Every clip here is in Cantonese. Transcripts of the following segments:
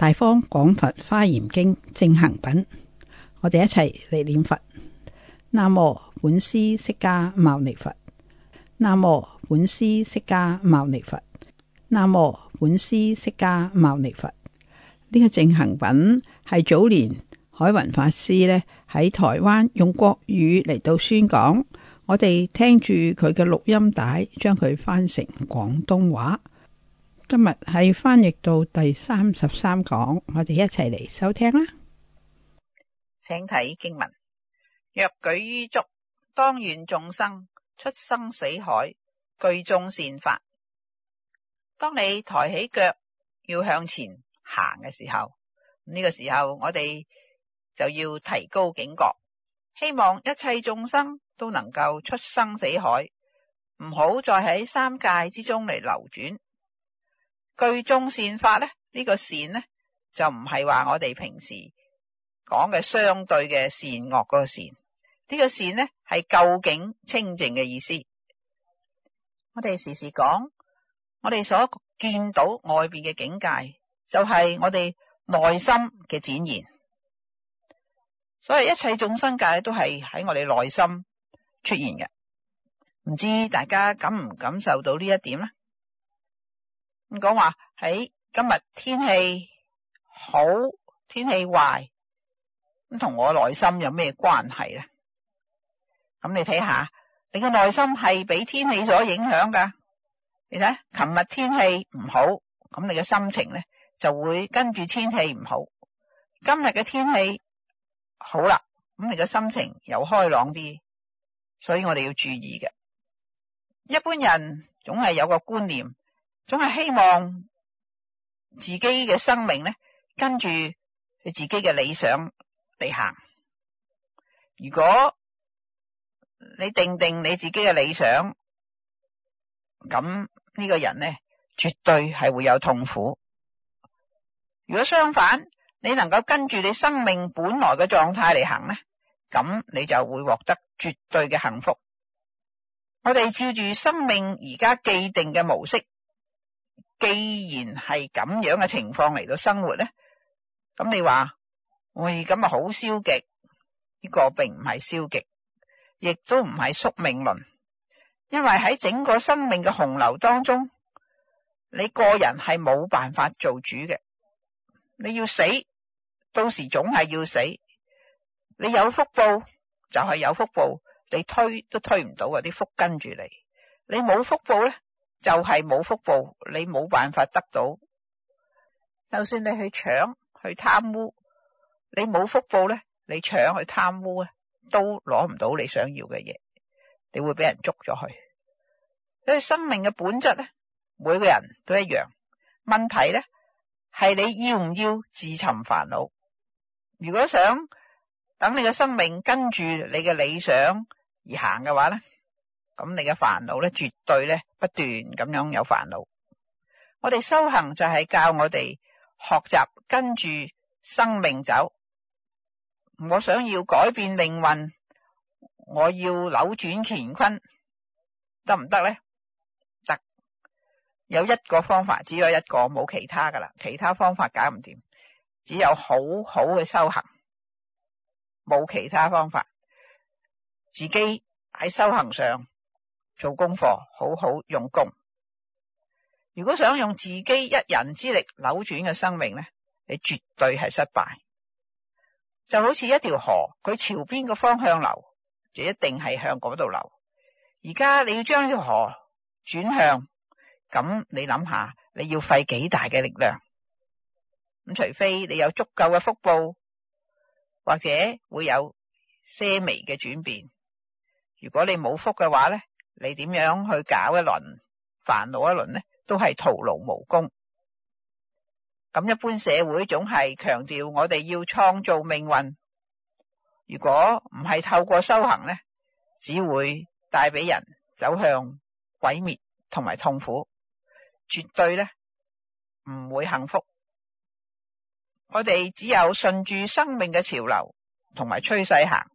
大方廣佛花嚴經正行品，我哋一齊嚟念佛。南無本師釋迦牟尼佛。南無本師釋迦牟尼佛。南無本師釋迦牟尼佛。呢個正行品係早年海雲法師咧喺台灣用國語嚟到宣講，我哋聽住佢嘅錄音帶，將佢翻成廣東話。今日係翻譯到第三十三講，我哋一齊嚟收聽啦。請睇經文，若舉於足，當願眾生出生死海，具眾善法。當你抬起腳要向前行嘅時候，呢個時候我哋就要提高警覺，希望一切眾生都能夠出生死海，唔好再喺三界之中嚟流轉。句中善法咧，呢、這個善呢，就唔係話我哋平時講嘅相對嘅善惡嗰個善，呢、這個善呢，係究竟清淨嘅意思。我哋時時講，我哋所見到外邊嘅境界，就係、是、我哋內心嘅展現。所以一切眾生界都係喺我哋內心出現嘅。唔知大家感唔感受到呢一點呢？咁講話喺今日天，天氣好，天氣壞咁同我內心有咩關係咧？咁你睇下，你嘅內心係俾天氣所影響噶。你睇，琴日天，天氣唔好，咁你嘅心情咧就會跟住天氣唔好。今日嘅天氣好啦，咁你嘅心情又開朗啲。所以我哋要注意嘅，一般人總係有個觀念。總係希望自己嘅生命咧，跟住你自己嘅理想嚟行。如果你定定你自己嘅理想，咁呢個人咧，絕對係會有痛苦。如果相反，你能夠跟住你生命本來嘅狀態嚟行咧，咁你就會獲得絕對嘅幸福。我哋照住生命而家既定嘅模式。既然係咁樣嘅情況嚟到生活咧，咁你話，喂咁啊好消極？呢個並唔係消極，亦都唔係宿命論，因為喺整個生命嘅洪流當中，你個人係冇辦法做主嘅。你要死，到時總係要死。你有福報就係有福報，你推都推唔到啊！啲福跟住你，你冇福報咧。就係冇福報，你冇辦法得到。就算你去搶、去貪污，你冇福報咧，你搶去貪污都攞唔到你想要嘅嘢，你會俾人捉咗去。因為生命嘅本質咧，每個人都一樣。問題咧係你要唔要自尋煩惱？如果想等你嘅生命跟住你嘅理想而行嘅話咧，咁你嘅煩惱咧，絕對咧不斷咁樣有煩惱。我哋修行就係教我哋學習跟住生命走。我想要改變命運，我要扭轉乾坤，得唔得咧？得，有一個方法，只有一個，冇其他噶啦，其他方法搞唔掂，只有好好嘅修行，冇其他方法，自己喺修行上。做功課，好好用功。如果想用自己一人之力扭轉嘅生命呢，你絕對係失敗。就好似一條河，佢朝邊個方向流，就一定係向嗰度流。而家你要將條河轉向，咁你諗下，你要費幾大嘅力量？咁除非你有足夠嘅福報，或者會有些微嘅轉變。如果你冇福嘅話呢。你點樣去搞一輪煩惱一輪呢，都係徒勞無功。咁一般社會總係強調我哋要創造命運，如果唔係透過修行呢，只會帶俾人走向毀滅同埋痛苦，絕對呢，唔會幸福。我哋只有順住生命嘅潮流同埋趨勢行，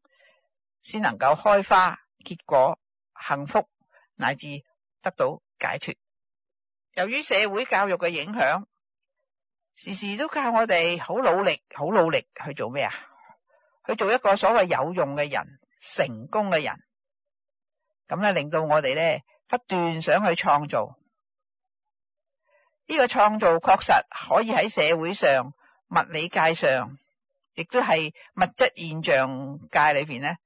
先能夠開花結果，幸福，乃至得到解脫。由於社會教育嘅影響，時時都靠我哋好努力、好努力去做咩啊？去做一個所謂有用嘅人、成功嘅人。咁咧，令到我哋咧不斷想去創造。呢、呢個創造確實可以喺社會上、物理界上，亦都係物質現象界裏邊咧，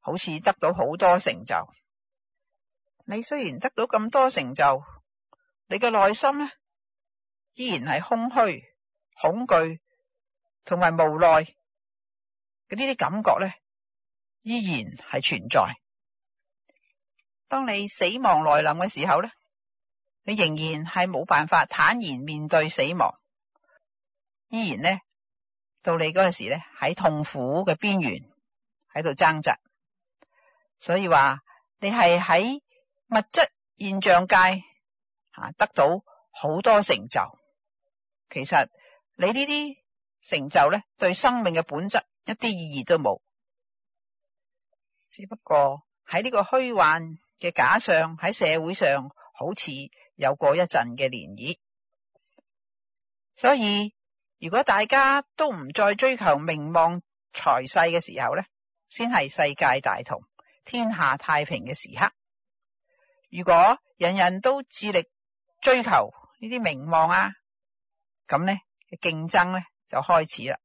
好似得到好多成就。你雖然得到咁多成就，你嘅內心呢，依然係空虛、恐懼同埋無奈，噉呢啲感覺咧，依然係存在。當你死亡來臨嘅時候咧，你仍然係冇辦法坦然面對死亡，依然呢，到你嗰陣時咧，喺痛苦嘅邊緣喺度掙扎，所以話你係喺。物質現象界吓，得到好多成就，其實你呢啲成就咧，對生命嘅本質一啲意義都冇。只不過喺呢個虛幻嘅假象喺社會上，好似有過一陣嘅漣漪。所以如果大家都唔再追求名望財勢嘅時候咧，先係世界大同、天下太平嘅時刻。如果人人都致力追求呢啲名望啊，咁呢，競爭呢，就開始啦。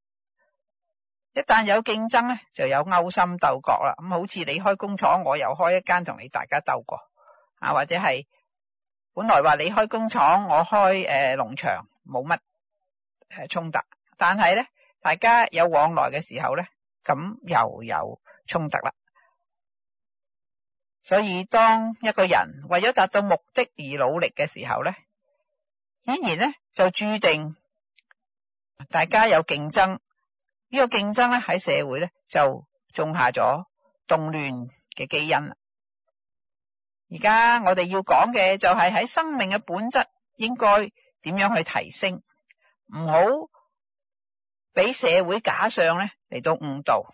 一旦有競爭呢，就有勾心鬥角啦。咁、嗯、好似你開工廠，我又開一間同你大家鬥過啊，或者係本來話你開工廠，我開、呃、農場冇乜誒衝突，但係呢，大家有往來嘅時候呢，咁又有衝突啦。所以，當一個人為咗達到目的而努力嘅時候咧，顯然咧就注定大家有競爭。呢個競爭咧喺社會咧就種下咗動亂嘅基因啦。而家我哋要講嘅就係喺生命嘅本質應該點樣去提升，唔好俾社會假相咧嚟到誤導。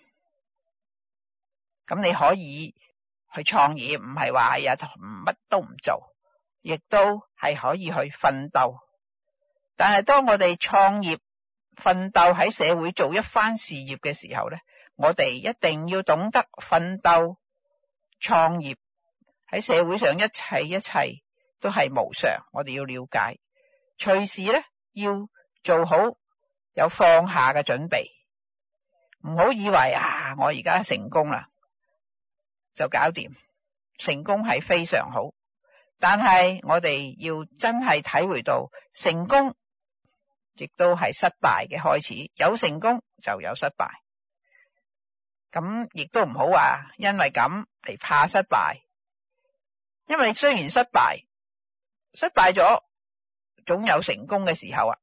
咁你可以。去創業唔係話係啊乜都唔做，亦都係可以去奮鬥。但係當我哋創業奮鬥喺社會做一番事業嘅時候咧，我哋一定要懂得奮鬥創業喺社會上一切一切都係無常，我哋要了解，隨時咧要做好有放下嘅準備，唔好以為啊，我而家成功啦。就搞掂，成功係非常好，但係我哋要真係體會到成功，亦都係失敗嘅開始。有成功就有失敗，咁亦都唔好話因為咁嚟怕失敗。因為雖然失敗，失敗咗總有成功嘅時候啊！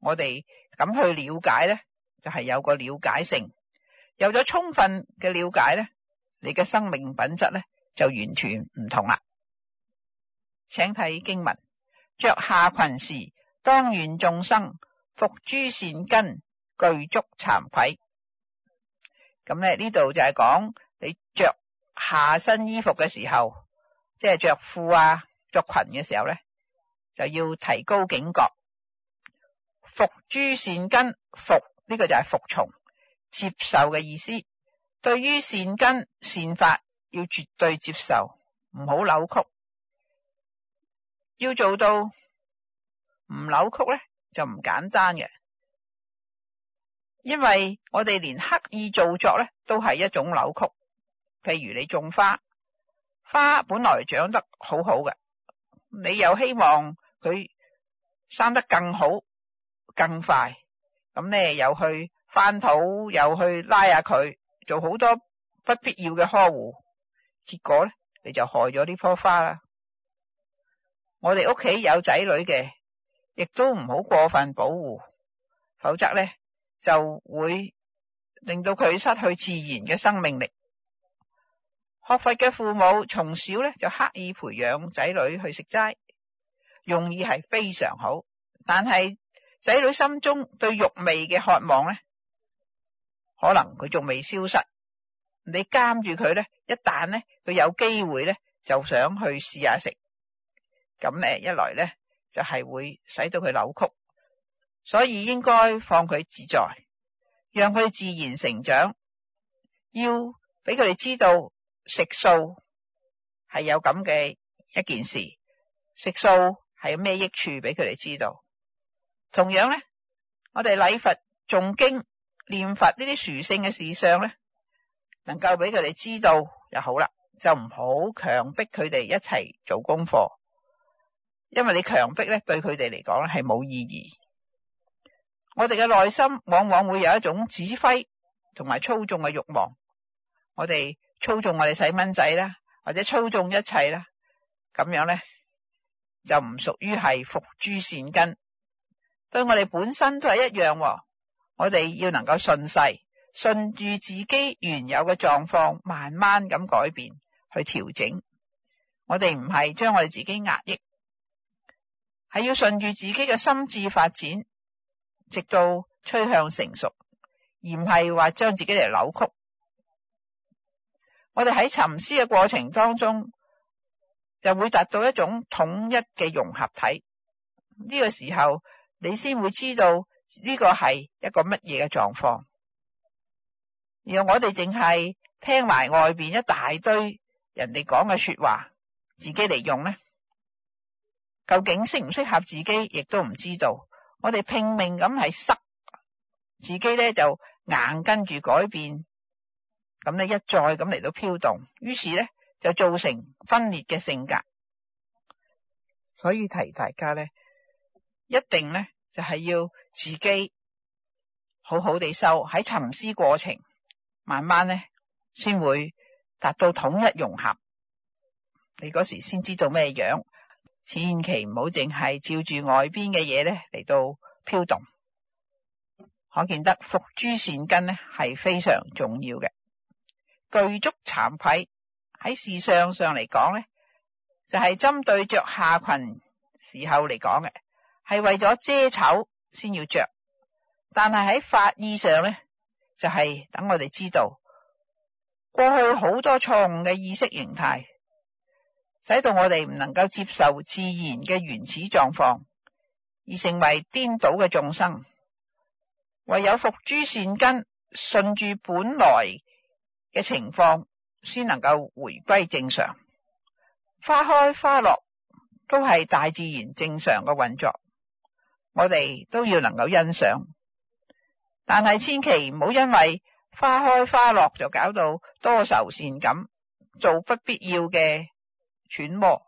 我哋咁去了解呢，就係有個了解性，有咗充分嘅了解呢。你嘅生命品質咧，就完全唔同啦。請睇經文，着下裙時當願眾生，服諸善根具足慚愧。咁咧，呢度就係講你着下身衣服嘅時候，即係着褲啊着裙嘅時候咧，就要提高警覺。服諸善根，服呢、這個就係服從接受嘅意思。對於善根善法要絕對接受，唔好扭曲。要做到唔扭曲咧，就唔簡單嘅，因為我哋連刻意做作咧都係一種扭曲。譬如你種花，花本來長得好好嘅，你又希望佢生得更好、更快，咁咧又去翻土，又去拉下佢。做好多不必要嘅呵護，結果咧你就害咗呢棵花啦。我哋屋企有仔女嘅，亦都唔好過分保護，否則咧就會令到佢失去自然嘅生命力。學佛嘅父母從小咧就刻意培養仔女去食齋，用意係非常好，但係仔女心中對肉味嘅渴望咧。可能佢仲未消失，你監住佢咧，一旦咧佢有機會咧就想去試下食，咁誒一來咧就係會使到佢扭曲，所以應該放佢自在，讓佢自然成長，要俾佢哋知道食素係有咁嘅一件事，食素係有咩益處俾佢哋知道。同樣咧，我哋禮佛誦經。念佛呢啲殊勝嘅事相，咧，能夠俾佢哋知道就好啦，就唔好強迫佢哋一齊做功課，因為你強迫咧對佢哋嚟講係冇意義。我哋嘅內心往往會有一種指揮同埋操縱嘅慾望，我哋操縱我哋細蚊仔啦，或者操縱一切啦，咁樣咧就唔屬於係伏諸善根，對我哋本身都係一樣。我哋要能夠順勢，順住自己原有嘅狀況，慢慢咁改變去調整。我哋唔係將我哋自己壓抑，係要順住自己嘅心智發展，直到趨向成熟，而唔係話將自己嚟扭曲。我哋喺沉思嘅過程當中，就會達到一種統一嘅融合體。呢個時候，你先會知道。呢、這個係一個乜嘢嘅狀況？若我哋淨係聽埋外邊一大堆人哋講嘅說話，自己嚟用呢？究竟適唔適合自己，亦都唔知道。我哋拼命咁係塞自己咧，就硬跟住改變，咁咧一再咁嚟到飄動，於是咧就造成分裂嘅性格。所以提大家咧，一定咧。就係、是、要自己好好地修喺沉思過程，慢慢咧先會達到統一融合。你嗰時先知道咩樣，千祈唔好淨係照住外邊嘅嘢咧嚟到飄動。可見得伏豬善根咧係非常重要嘅。具足慚愧喺事相上嚟講咧，就係、是、針對着下群時候嚟講嘅。係為咗遮醜先要着，但係喺法意上咧，就係、是、等我哋知道過去好多錯誤嘅意識形態，使到我哋唔能夠接受自然嘅原始狀況，而成為顛倒嘅眾生。唯有伏諸善根，順住本來嘅情況，先能夠回歸正常。花開花落都係大自然正常嘅運作。我哋都要能夠欣賞，但係千祈唔好因為花開花落就搞到多愁善感，做不必要嘅揣摩，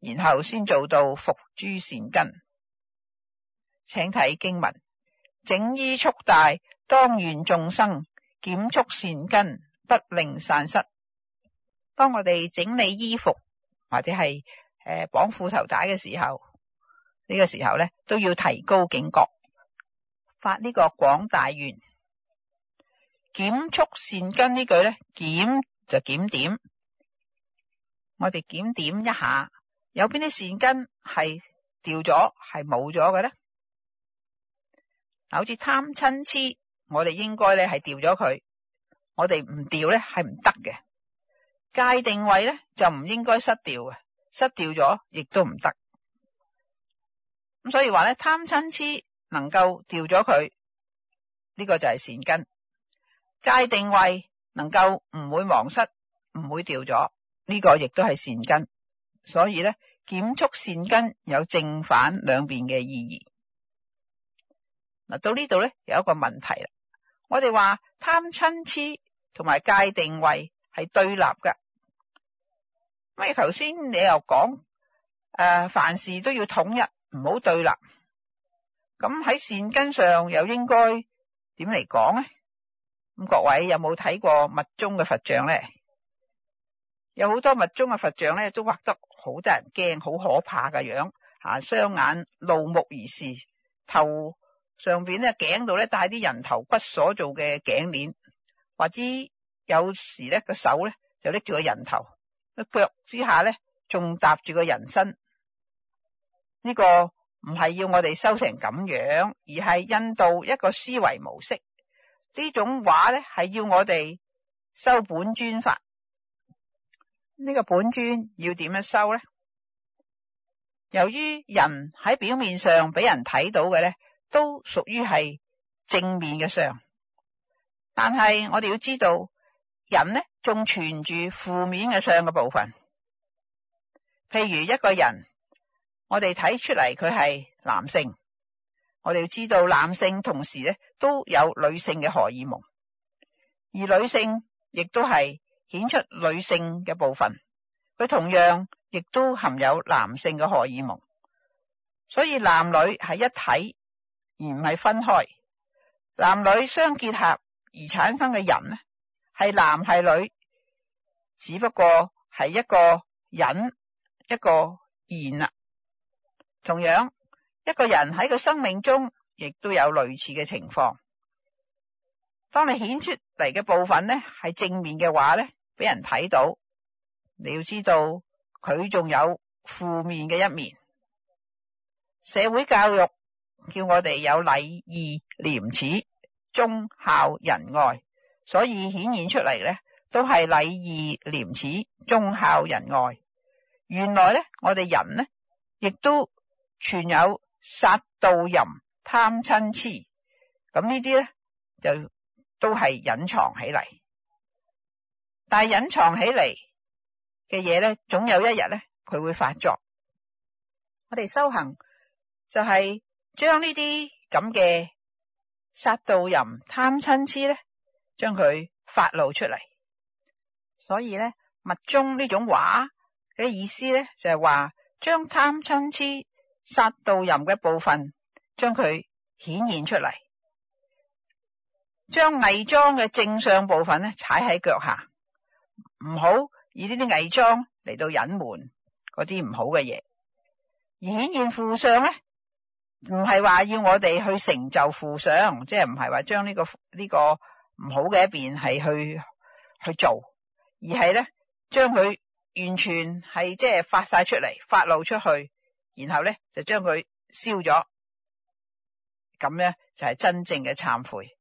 然後先做到伏諸善根。請睇經文，整衣束帶，當願眾生，檢束善根，不令散失。當我哋整理衣服或者係綁綁褲頭帶嘅時候。呢、這個時候咧都要提高警覺，發呢個廣大願，檢促善根句呢句咧檢就檢點，我哋檢點一下，有邊啲善根係掉咗，係冇咗嘅咧？好似貪嗔癡，我哋應該咧係掉咗佢，我哋唔掉咧係唔得嘅。界定位咧就唔應該失掉嘅，失掉咗亦都唔得。咁所以話咧貪親痴能夠掉咗佢，呢個就係善根。界定位能夠唔會忘失，唔會掉咗，呢個亦都係善根。所以咧檢測善根有正反兩邊嘅意義。嗱到呢度咧有一個問題啦。我哋話貪親痴同埋界定位係對立噶，咁你頭先你又講誒、呃，凡事都要統一。唔好對喇。咁喺善根上又應該點嚟講咧？咁各位有冇睇過密宗嘅佛像咧？有好多密宗嘅佛像咧，都畫得好得人驚，好可怕嘅樣，啊！雙眼怒目而視，頭上面咧頸度咧戴啲人頭骨所做嘅頸鏈，或者有時咧個手咧就拎住個人頭，個腳之下咧仲搭住個人身。呢、這個唔係要我哋修成咁樣，而係引導一個思維模式。呢種話咧係要我哋修本尊法。呢、這個本尊要點樣修咧？由於人喺表面上俾人睇到嘅咧，都屬於係正面嘅相。但係我哋要知道，人咧仲存住負面嘅相嘅部分。譬如一個人。我哋睇出嚟佢係男性，我哋要知道男性同時咧，都有女性嘅荷爾蒙，而女性亦都係顯出女性嘅部分。佢同樣亦都含有男性嘅荷爾蒙，所以男女係一體而唔係分開，男女相結合而產生嘅人呢，係男係女，只不過係一個陰一個陽同樣，一個人喺佢生命中，亦都有類似嘅情況。當你顯出嚟嘅部分呢，係正面嘅話呢，俾人睇到，你要知道佢仲有負面嘅一面。社會教育叫我哋有禮義廉恥、忠孝仁愛，所以顯現出嚟呢，都係禮義廉恥、忠孝仁愛。原來呢，我哋人呢，亦都，存有殺盜淫貪嗔痴，咁呢啲咧就都係隱藏起嚟，但係隱藏起嚟嘅嘢咧，總有一日咧佢會發作。我哋修行就係、是、將呢啲咁嘅殺盜淫貪嗔痴咧，將佢發露出嚟。所以咧，密宗呢種畫，嘅意思咧，就係話將貪嗔痴。殺盜淫嘅部分，將佢顯現出嚟，將偽裝嘅正相部分咧踩喺腳下，唔好以呢啲偽裝嚟到隱瞞嗰啲唔好嘅嘢。而顯現負相咧，唔係話要我哋去成就負相，即係唔係話將呢個呢個唔好嘅一邊係去去做，而係咧將佢完全係即係發晒出嚟，發露出去。然後咧就將佢燒咗，咁咧就係真正嘅懺悔。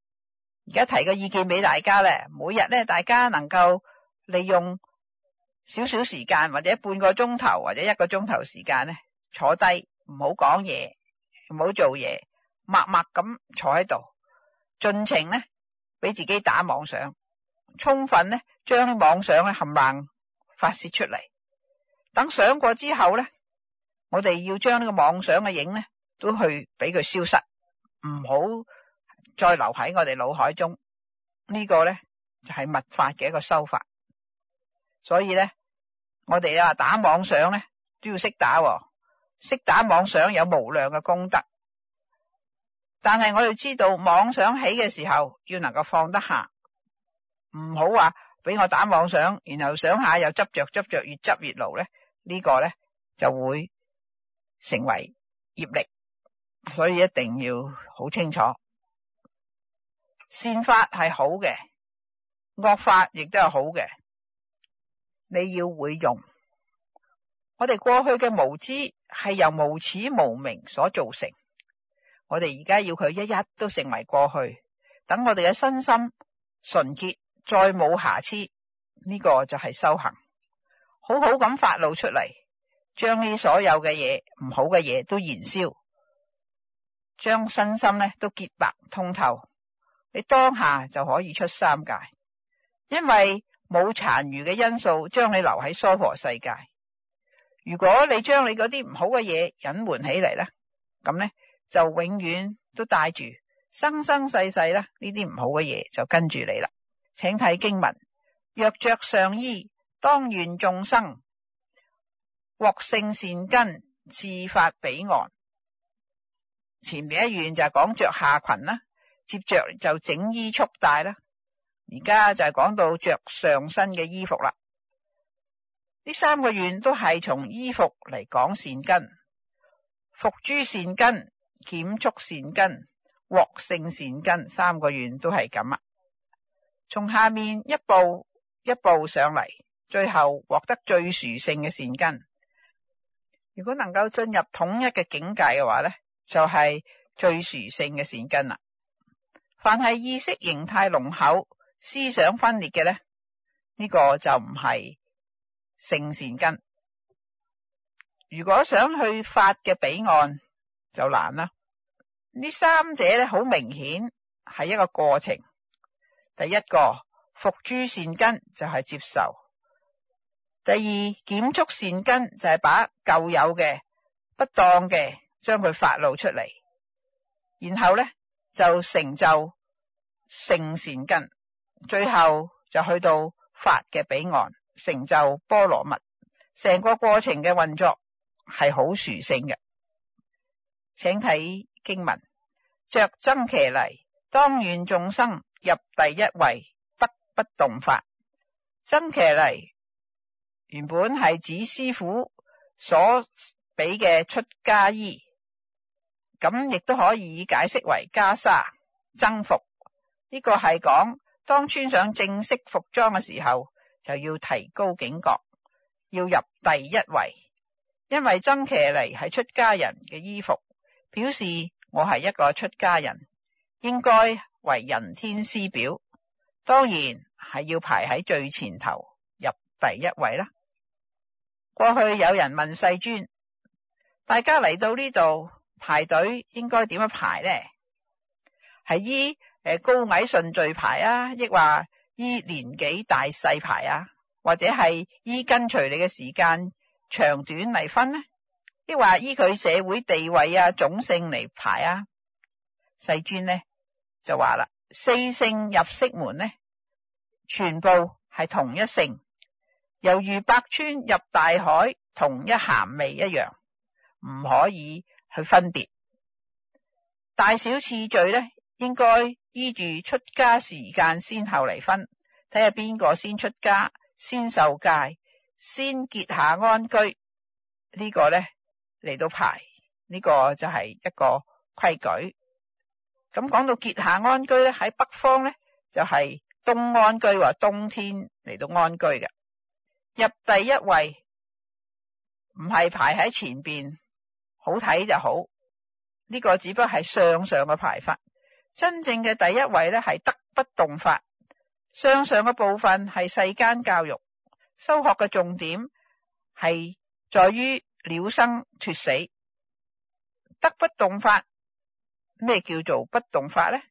而家提個意見俾大家咧，每日咧大家能夠利用少少時間，或者半個鐘頭或者一個鐘頭時間咧，坐低唔好講嘢，唔好做嘢，默默咁坐喺度，盡情咧俾自己打妄想，充分咧將妄想嘅冚唪唥發洩出嚟，等想過之後咧。我哋要將呢個妄想嘅影咧，都去俾佢消失，唔好再留喺我哋腦海中。這個、呢個咧就係、是、密法嘅一個修法。所以咧，我哋啊打妄想咧都要識打，識打妄想有無量嘅功德。但係我哋知道妄想起嘅時候要能夠放得下，唔好話俾我打妄想，然後想下又執著，執著越執越牢咧，這個、呢個咧就會。成為業力，所以一定要好清楚。善法係好嘅，惡法亦都係好嘅。你要會用。我哋過去嘅無知係由無始無明所造成。我哋而家要佢一一都成為過去。等我哋嘅身心純潔，再冇瑕疵，呢個就係修行，好好咁發露出嚟。將呢所有嘅嘢，唔好嘅嘢都燃燒，將身心咧都潔白通透，你當下就可以出三界，因為冇殘餘嘅因素將你留喺娑婆世界。如果你將你嗰啲唔好嘅嘢隱瞞起嚟咧，咁咧就永遠都帶住生生世世啦。呢啲唔好嘅嘢就跟住你啦。請睇經文：若着上衣，當願眾生。獲勝善根，自發彼岸。前面一願就係講着下裙啦，接着就整衣束帶啦。而家就係講到着上身嘅衣服啦。呢三個願都係從衣服嚟講善根，服諸善根，檢束善根，獲勝善根。三個願都係咁啊，從下面一步一步上嚟，最後獲得最殊勝嘅善根。如果能夠進入統一嘅境界嘅話咧，就係、是、最殊勝嘅善根啦。凡係意識形態濃厚、思想分裂嘅咧，呢、這個就唔係聖善根。如果想去法嘅彼岸就難啦。呢三者咧，好明顯係一個過程。第一個伏諸善根就係、是、接受。第二檢觸善根就係、是、把舊有嘅不當嘅，將佢發露出嚟，然後咧就成就聖善根，最後就去到法嘅彼岸，成就波羅蜜。成個過程嘅運作係好殊勝嘅，請睇經文：着僧伽梨，當願眾生入第一位，得不動法，僧伽梨。原本係指師傅所俾嘅出家衣，咁亦都可以解釋為袈裟、僧服。呢、這個係講當穿上正式服裝嘅時候，就要提高警覺，要入第一位，因為僧伽梨係出家人嘅衣服，表示我係一個出家人，應該為人天師表。當然係要排喺最前頭，入第一位啦。過去有人問世尊：，大家嚟到呢度排隊，應該點樣排咧？係依誒高矮順序排啊，抑或依年紀大細排啊，或者係依跟隨你嘅時間長短嚟分呢？抑或依佢社會地位啊、種姓嚟排啊。世尊咧就話啦：，四姓入釋門咧，全部係同一姓。猶如百川入大海，同一咸味一樣，唔可以去分別大小次序咧。應該依住出家時間先後嚟分，睇下邊個先出家，先受戒，先結下安居。這個、呢個咧嚟到排，呢、這個就係一個規矩。咁講到結下安居咧，喺北方咧就係、是、冬安居，或冬天嚟到安居嘅。入第一位唔係排喺前面好睇就好，呢、這個只不過係相上嘅排法。真正嘅第一位咧係得不動法。相上嘅部分係世間教育，修學嘅重點係在於了生脫死。得不動法，咩叫做不動法咧？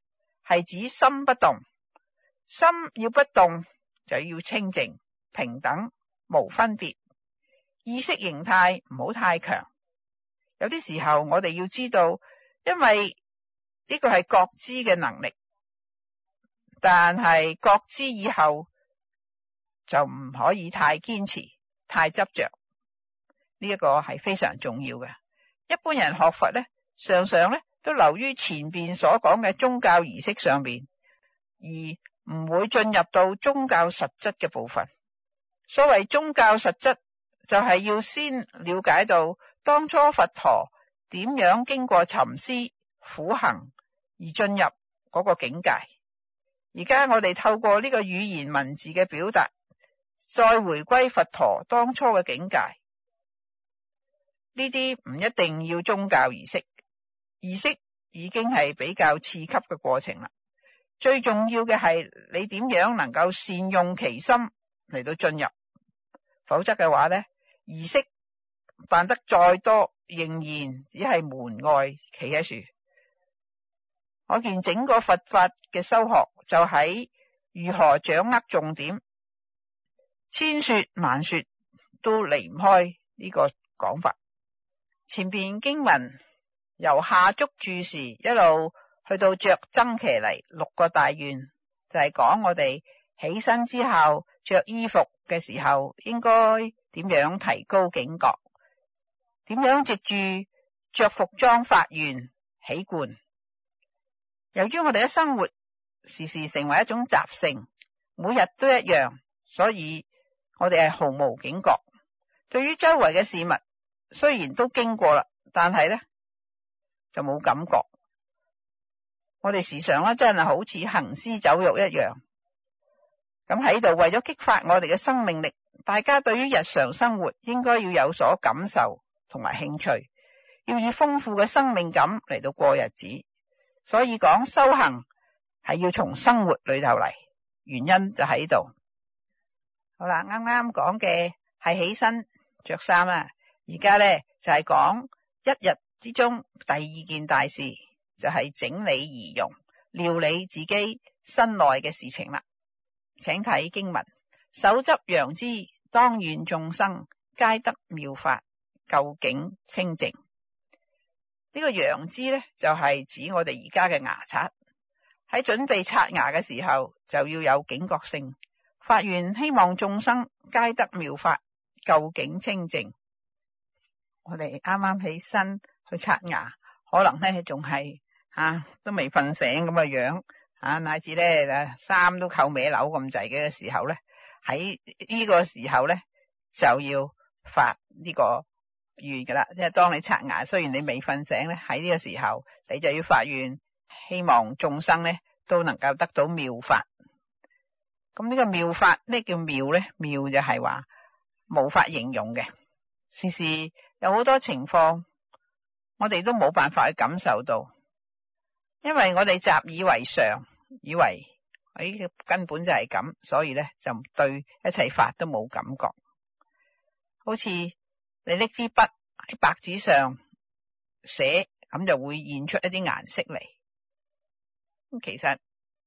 係指心不動，心要不動就要清淨平等。無分別，意識形態唔好太強。有啲時候我哋要知道，因為呢個係覺知嘅能力，但係覺知以後就唔可以太堅持、太執着。呢一個係非常重要嘅。一般人學佛呢，常常呢都留於前邊所講嘅宗教儀式上面，而唔會進入到宗教實質嘅部分。所謂宗教實質，就係要先了解到當初佛陀點樣經過沉思苦行而進入嗰個境界。而家我哋透過呢個語言文字嘅表達，再回歸佛陀當初嘅境界。呢啲唔一定要宗教儀式，儀式已經係比較次級嘅過程啦。最重要嘅係你點樣能夠善用其心嚟到進入。否則嘅話呢儀式辦得再多，仍然只係門外企喺處。可見整個佛法嘅修學就喺如何掌握重點。千說萬說都離唔開呢個講法。前邊經文由下足住時一路去到着僧伽梨六個大願，就係、是、講我哋起身之後着衣服。嘅時候應該點樣提高警覺？點樣藉住着，着服裝、發願、起冠？由於我哋嘅生活時時成為一種習性，每日都一樣，所以我哋係毫無警覺。對於周圍嘅事物，雖然都經過啦，但係咧就冇感覺。我哋時常咧真係好似行屍走肉一樣。咁喺度為咗激發我哋嘅生命力，大家對於日常生活應該要有所感受同埋興趣，要以豐富嘅生命感嚟到過日子。所以講修行係要從生活裏頭嚟，原因就喺度。好啦，啱啱講嘅係起身着衫啦，啊，而家呢，就係、是、講一日之中第二件大事就係、是、整理儀容，料理自己身內嘅事情啦。請睇經文，手執楊枝，當願眾生皆得妙法，究竟清淨。這個、呢個楊枝咧，就係、是、指我哋而家嘅牙刷。喺準備刷牙嘅時候，就要有警覺性。發願希望眾生皆得妙法，究竟清淨。我哋啱啱起身去刷牙，可能咧仲係啊都未瞓醒咁嘅樣。啊！乃至咧，衫都扣尾樓咁滯嘅時候咧，喺呢個時候咧就要發呢個願噶啦。即係當你刷牙，雖然你未瞓醒咧，喺呢個時候你就要發願，希望眾生咧都能夠得到妙法。咁呢個妙法咩叫妙咧？妙就係話無法形容嘅，事事有好多情況，我哋都冇辦法去感受到，因為我哋習以為常。以為誒、哎、根本就係咁，所以咧就對一切法都冇感覺，好似你拎支筆喺白紙上寫，咁就會現出一啲顏色嚟。咁其實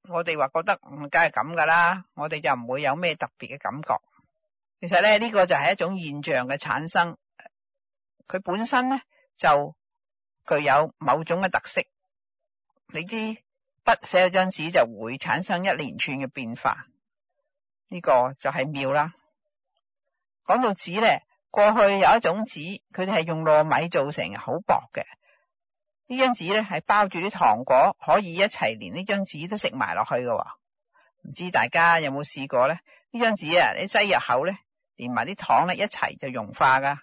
我哋話覺得唔梗係咁噶啦，我哋就唔會有咩特別嘅感覺。其實咧呢、這個就係一種現象嘅產生，佢本身咧就具有某種嘅特色，你知。筆寫一張紙就會產生一連串嘅變化，呢個就係妙啦。講到紙咧，過去有一種紙，佢哋係用糯米做成嘅，好薄嘅呢張紙咧，係包住啲糖果，可以一齊連呢張紙都食埋落去嘅。唔知大家有冇試過咧？呢張紙啊，你擠入口咧，連埋啲糖咧一齊就融化噶。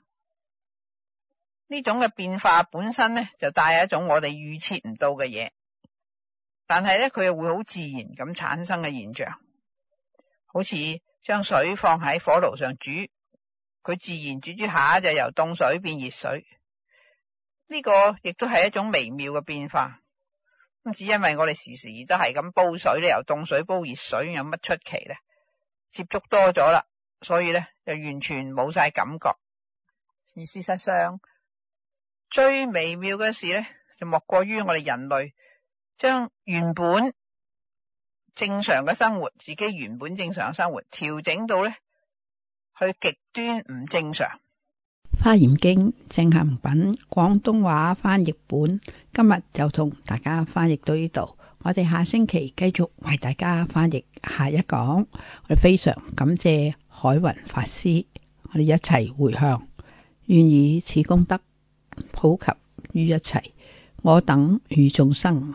呢種嘅變化本身咧，就帶有一種我哋預測唔到嘅嘢。但係咧，佢又會好自然咁產生嘅現象，好似將水放喺火爐上煮，佢自然煮煮下就由凍水變熱水。呢個亦都係一種微妙嘅變化。只因為我哋時時都係咁煲水咧，由凍水煲熱水，有乜出奇咧？接觸多咗啦，所以咧就完全冇晒感覺。而事實上，最微妙嘅事咧，就莫過於我哋人類。將原本正常嘅生活，自己原本正常嘅生活調整到呢，去極端唔正常。《華嚴經》正行品廣東話翻譯本，今日就同大家翻譯到呢度。我哋下星期繼續為大家翻譯下一講。我哋非常感謝海雲法師，我哋一齊回向，願以此功德普及於一切我等與眾生。